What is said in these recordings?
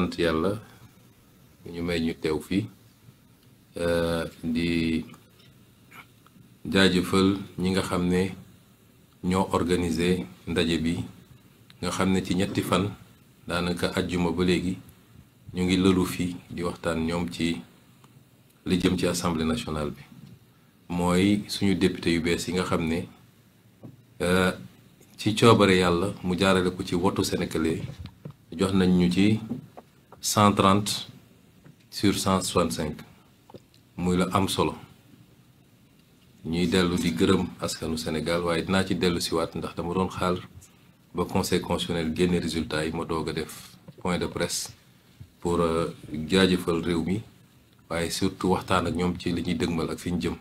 sant yàlla ñu may ñu teew fii euh, di jaajëfal ñi nga xam ne ñoo organiser ndaje bi nga xam ne ci ñetti fan daanaka ajjuma ba léegi ñu ngi lëlu fii di waxtaan ñoom ci li jëm ci assemblée nationale bi mooy suñu député yu bees yi nga xam ne euh, ci coobare yàlla mu jaarale ko ci wotu sénégalais jox nañ ñu ci cent trente cent soixante cinq muy la am solo ñuy dellu di gërëm askanu Sénégal waaye dinaa ci dellu siwaat ndax dama doon xaar ba conseil constitutionnel génne résultat yi ma doog a def point de presse pour euh, jaajëfal réew mi waaye surtout waxtaan ak ñoom ci li ñuy dëgmal ak fi ñu jëm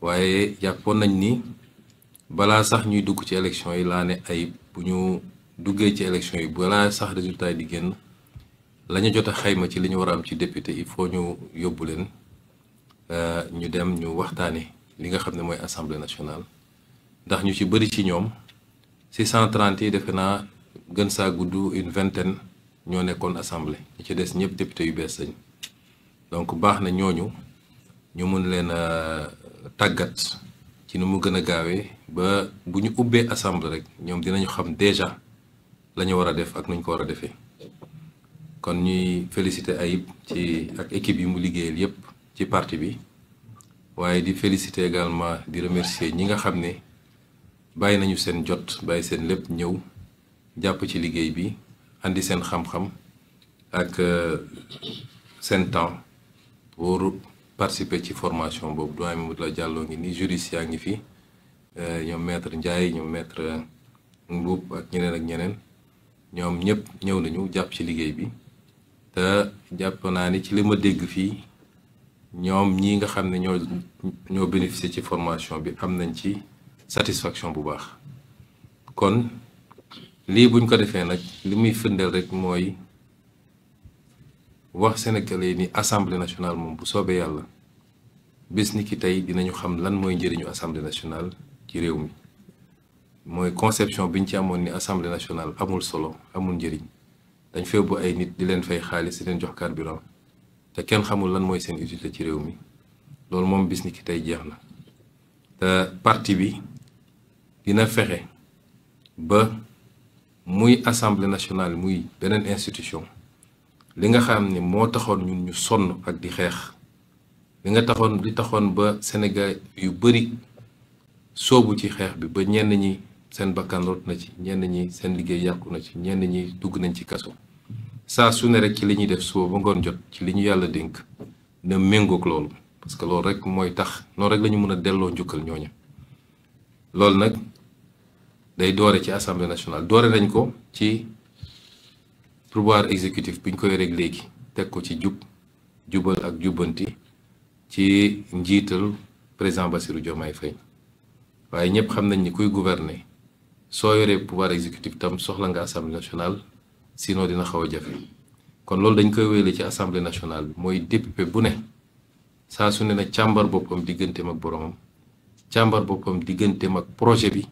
waaye jàppoon nañ ni balaa sax ñuy dugg ci élection yi laa ne ay bu ñu duggee ci élection yi balaa sax résultat yi di génn la ñu jot a xayma ci li ñu war a ci député il faut ñu yóbbu leen euh, ñu dem ñu waxtaane li nga xam ne mooy assemblée nationale ndax ñu ci bëri ci ñoom six cent trente yi defe naa gën saa gudd une vingtaine ñoo nekkoon assemblée ñu ci des ñëpp député yu bees lañ donc baax na ñooñu ñu mun leen a tàggat ci ni mu gën a gaawee ba bu ñu ubbee assemblée rek ñoom dinañu xam déjà la ñu war a def ak nu ñu ko war a defee. kon ñuy félicité Ayib ci ak équipe yi mu liggéeyal yépp ci partie bi waaye di félicité également di remercier ñi nga xam ne bàyyi nañu seen jot bàyyi seen lépp ñëw jàpp ci liggéey bi indi seen xam-xam ak euh, seen temps pour participer ci formation boobu doyen Mamadou Diallo ngi nii juriste yaa ngi fi euh, ñoom maître Ndiaye ñoom maître Mbuub ak ñeneen ak ñeneen ñoom ñëpp ñëw nañu jàpp ci liggéey bi. te jàpp naa ni ci li ma dégg fii ñoom ñi nga xam ne ñoo ñoo bénéficier ci formation bi am nañ ci satisfaction bu baax kon lii buñ ko defee nag li muy firndeel rek mooy wax sénégalais ni assemblée nationale moom bu soobee yàlla bés ni ki tey dinañu xam lan mooy njëriñu assemblée nationale ci réew mi mooy conception ñu ci amoon ni assemblée nationale amul solo amul njëriñ dañ fee bu ay nit di leen fay xaalis di leen jox carburant te kenn xamul lan mooy seen utilité ci réew mi loolu moom bis ni ki tey jeex na te parti bi dina fexe ba muy assemblée nationale muy beneen institution li nga xam ni moo taxoon ñun ñu sonn ak di xeex li nga taxoon li taxoon ba Sénégal yu bari soobu ci xeex bi ba ñenn ñi seen bakkan rot na ci ñenn ñi seen liggéey yàqu na ci ñenn ñi dugg nañ ci kaso saa su ne rek ci li ñuy def suba ba ngoon jot ci li ñu yàlla dénk ne méngook loolu parce que loolu rek mooy tax loolu rek la mën a delloo njukkal ñooña loolu nag day doore ci assemblée nationale doore nañ ko ci pouvoir executif bi ñu koy rek léegi teg ko ci jub jubal ak jubbanti ci njiital président Bassirou Diomaye Faye waaye ñëpp xam nañ ni kuy gouverner. soo yoree pouvoir exécutif tam soxla nga assemblée nationale sinon dina xaw a jafe kon loolu dañ koy wéyale ci assemblée nationale bi mooy député bu ne saa su ne na càmbar boppam digganteem ak boromam càmbar boppam digganteem ak projet bi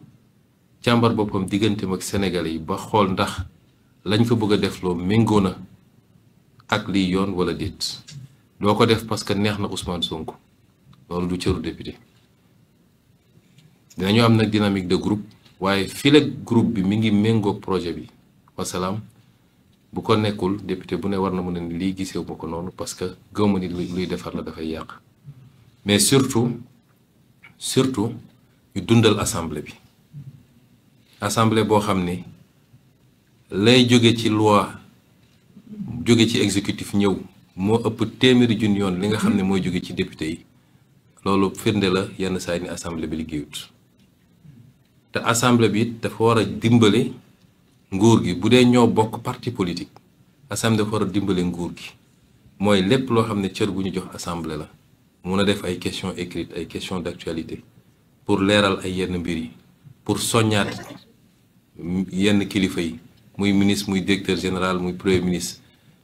càmbar boppam digganteem ak Sénégalais yi ba xool ndax lañ ko bëgg a def loo méngoo na ak liy yoon wala déet doo ko def parce que neex na Ousmane Sonko loolu du cëru député dinañu am nag dynamique de group waaye file groupe bi mi ngi méngoog projet bi wasalaam bu ko nekkul député bu ne war na mën a ni lii gisewu ma ko noonu parce que gëwma ni luy defar na dafay yàq mais surtout surtout ñu dundal assemblée bi assemblée boo xam ne lay jóge ci loi jóge ci exécutif ñëw moo ëpp téeméeri junni yoon li nga xam ne mooy jóge ci député yi loolu firnde la yenn saa yi ni assemblée bi liggéeyut te assemblée bi it dafa war a dimbale nguur gi bu dee ñoo bokk parti politique assemblée dafa war a dimbale nguur gi mooy lépp loo xam ne cër bu ñu jox assemblée la mun a def ay question écrites ay questions d'actualité pour leeral ay yenn mbir yi pour soññaat yenn kilifa yi muy ministre muy directeur général muy premier ministre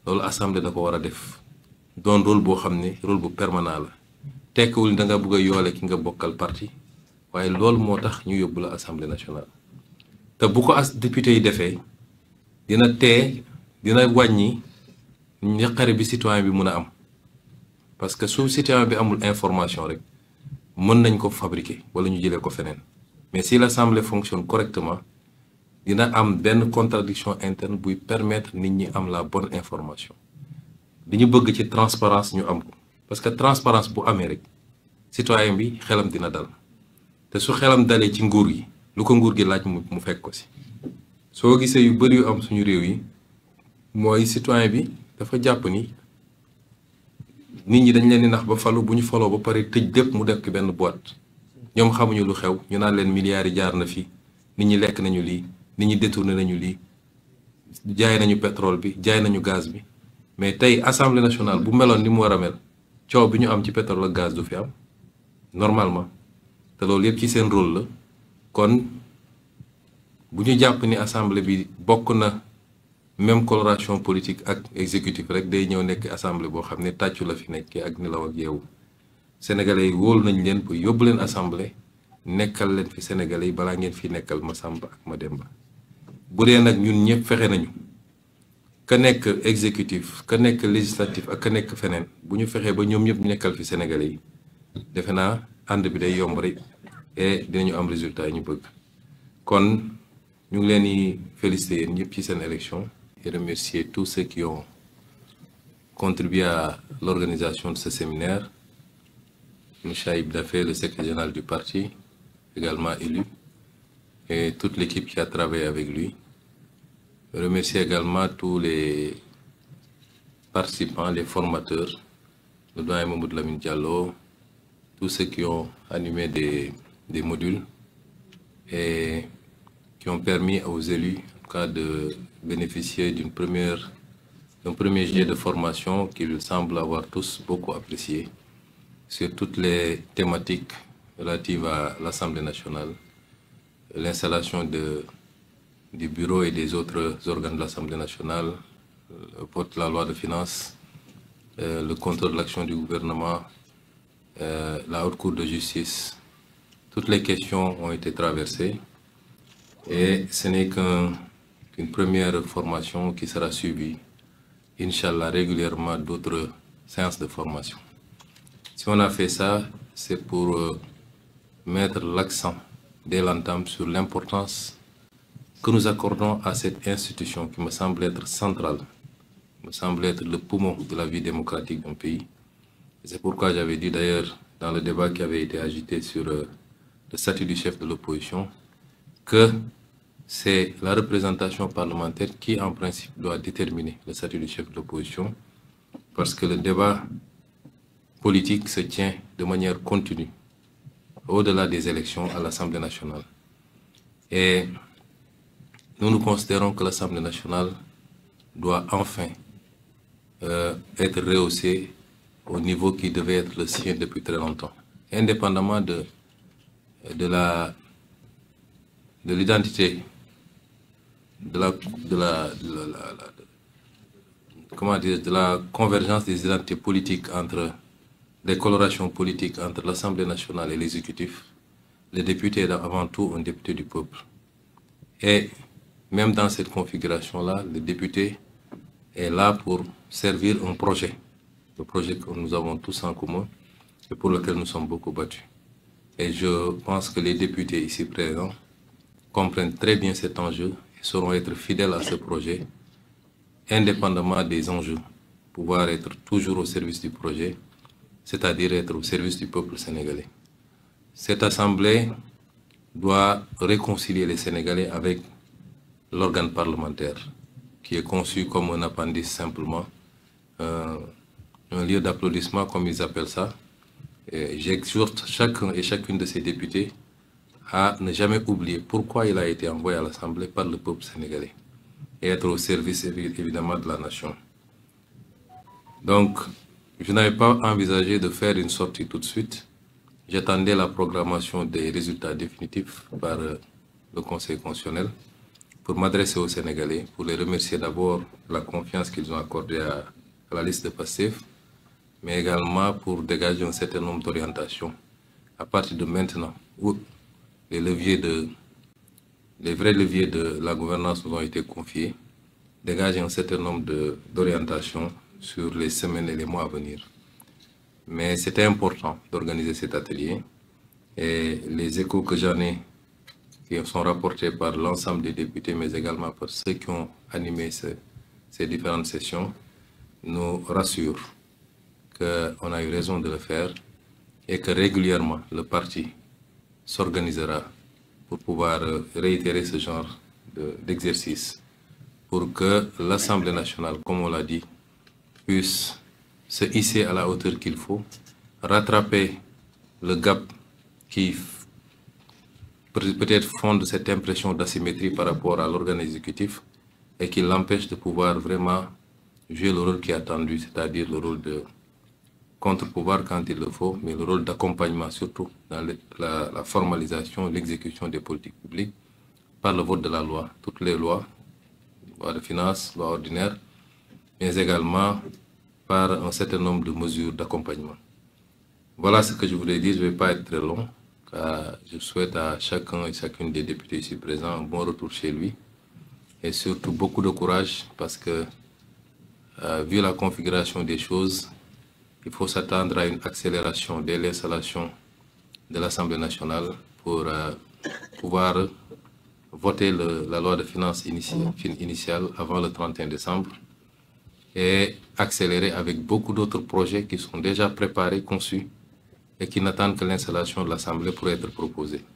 loolu assemblée da ko war a def doon rôle boo xam ne rôle bu permanent la tekkiwul da nga bëgg yoole ki nga bokkal parti waaye loolu moo tax ñu yóbbu la assemblée nationale te bu ko as député yi defee dina tee dina wàññi njaqare bi citoyen bi mun a am parce que su citoyen bi amul information rek mën nañ ko fabriquer wala ñu jëlee ko feneen mais si la l'assemblée fonctionne correctement dina am benn contradiction interne buy permettre nit ñi am la bonne information li ñu bëgg ci transparence ñu am ko parce que transparence bu amee rek citoyen bi xelam dina dal te su xelam dalee ci nguur yi lu ko nguur gi laaj mu mu fekk ko si soo gisee yu bari yu am suñu réew yi mooy citoyen bi dafa jàpp ni nit ñi dañ leen di nax ba falu bu ñu faloo ba pare tëj lépp mu def ki benn boite ñoom xamuñu lu xew ñu naan leen milliards jaar na fi nit ñi lekk nañu lii nit ñi détourné nañu lii jaay nañu petrole bi jaay nañu gaz bi mais tey assemblée nationale bu meloon ni mu war a mel coow bi ñu am ci pétrole ak gaz du fi am normalement. te loolu yëpp ci seen rôle la kon bu ñu jàpp ni assemblée bi bokk na même coloration politique ak exécutif rek day ñëw nekk assemblée boo xam ne tàccu la fi nekkee ak nelaw ak yeewu sénégalais yi wóolu nañ leen pour yóbbu leen assemblée nekkal leen fi sénégalais yi balaa ngeen fi nekkal ma Samba ak ma Demba bu dee nag ñun ñëpp fexe nañu ka nekk exécutif ka nekk législatif ak ka nekk feneen bu ñu fexee ba ñoom ñëpp nekkal fi sénégalais yi defe naa. ànd bi day yomb rek et dinañu am résultat yi ñu bëgg kon ñu ngi leen yi féliciter yéen ñëpp ci seen élection et remercier tous ceux qui ont contribué à l'organisation de ce séminaire Moussa Dafé, le secrétaire général du parti, également élu, et toute l'équipe qui a travaillé avec lui. Je remercie également tous les participants, les formateurs, le doyen Mahmoud Lamine Diallo, tous ceux qui ont animé des, des modules et qui ont permis aux élus, de bénéficier d'une première d'un premier de formation qu'ils semblent avoir tous beaucoup apprécié sur toutes les thématiques relatives à l'Assemblée nationale, l'installation de du bureau et des autres organes de l'Assemblée nationale, porte la loi de finances, euh, le contrôle de l'action du gouvernement euh, la Haute Cour de justice, toutes les questions ont été traversées et ce n'est qu'une qu première formation qui sera suivie, Inch'Allah, régulièrement d'autres séances de formation. Si on a fait ça, c'est pour euh, mettre l'accent dès l'entame sur l'importance que nous accordons à cette institution qui me semble être centrale, me semble être le poumon de la vie démocratique d'un pays C'est pourquoi j'avais dit d'ailleurs dans le débat qui avait été agité sur euh, le statut du chef de l'opposition que c'est la représentation parlementaire qui, en principe, doit déterminer le statut du chef de l'opposition parce que le débat politique se tient de manière continue au-delà des élections à l'Assemblée nationale. Et nous nous considérons que l'Assemblée nationale doit enfin euh, être rehaussée au niveau qui devait être le sien depuis très longtemps, indépendamment de, de la de l'identité de la de la, la, de dire de la convergence des identités politiques entre des colorations politiques entre l'Assemblée nationale et l'exécutif, le député est avant tout un député du peuple. Et même dans cette configuration-là, le député est là pour servir un projet le projet que nous avons tous en commun et pour lequel nous sommes beaucoup battus. Et je pense que les députés ici présents comprennent très bien cet enjeu et sauront être fidèles à ce projet, indépendamment des enjeux, pouvoir être toujours au service du projet, c'est-à-dire être au service du peuple sénégalais. Cette Assemblée doit réconcilier les Sénégalais avec l'organe parlementaire, qui est conçu comme un appendice simplement, euh, un lieu d'applaudissement, comme ils appellent ça. J'exhorte chacun et chacune de ces députés à ne jamais oublier pourquoi il a été envoyé à l'Assemblée par le peuple sénégalais et être au service évidemment de la nation. Donc, je n'avais pas envisagé de faire une sortie tout de suite. J'attendais la programmation des résultats définitifs par euh, le Conseil constitutionnel pour m'adresser aux Sénégalais, pour les remercier d'abord de la confiance qu'ils ont accordée à la liste mais également pour dégager un certain nombre d'orientations. À partir de maintenant, où les leviers de les vrais leviers de la gouvernance nous ont été confiés, dégager un certain nombre d'orientations sur les semaines et les mois à venir. Mais c'était important d'organiser cet atelier et les échos que j'en ai qui sont rapportés par l'ensemble des députés, mais également par ceux qui ont animé ce, ces différentes sessions, nous rassurent qu'on a eu raison de le faire et que régulièrement le parti s'organisera pour pouvoir euh, réitérer ce genre d'exercice, de, pour que l'Assemblée nationale, comme on l'a dit, puisse se hisser à la hauteur qu'il faut, rattraper le gap qui peut-être fonde cette impression d'asymétrie par rapport à l'organe exécutif et qui l'empêche de pouvoir vraiment jouer le rôle qui est attendu, c'est-à-dire le rôle de contre-pouvoir quand il le faut, mais le rôle d'accompagnement surtout la, la, formalisation, l'exécution des politiques publiques par le vote de la loi. Toutes les lois, loi de finances, loi ordinaire, mais également par un certain nombre de mesures d'accompagnement. Voilà ce que je voulais dire, je ne vais pas être très long, car je souhaite à chacun et chacune des députés ici présents un bon retour chez lui, et surtout beaucoup de courage, parce que, euh, vu la configuration des choses, il faut s'attendre à une accélération dès l'installation de l'Assemblée nationale pour euh, pouvoir voter le, la loi de finances initiale, mmh. initiale avant le 31 décembre et accélérer avec beaucoup d'autres projets qui sont déjà préparés, conçus et qui n'attendent que l'installation de l'Assemblée pour être proposés.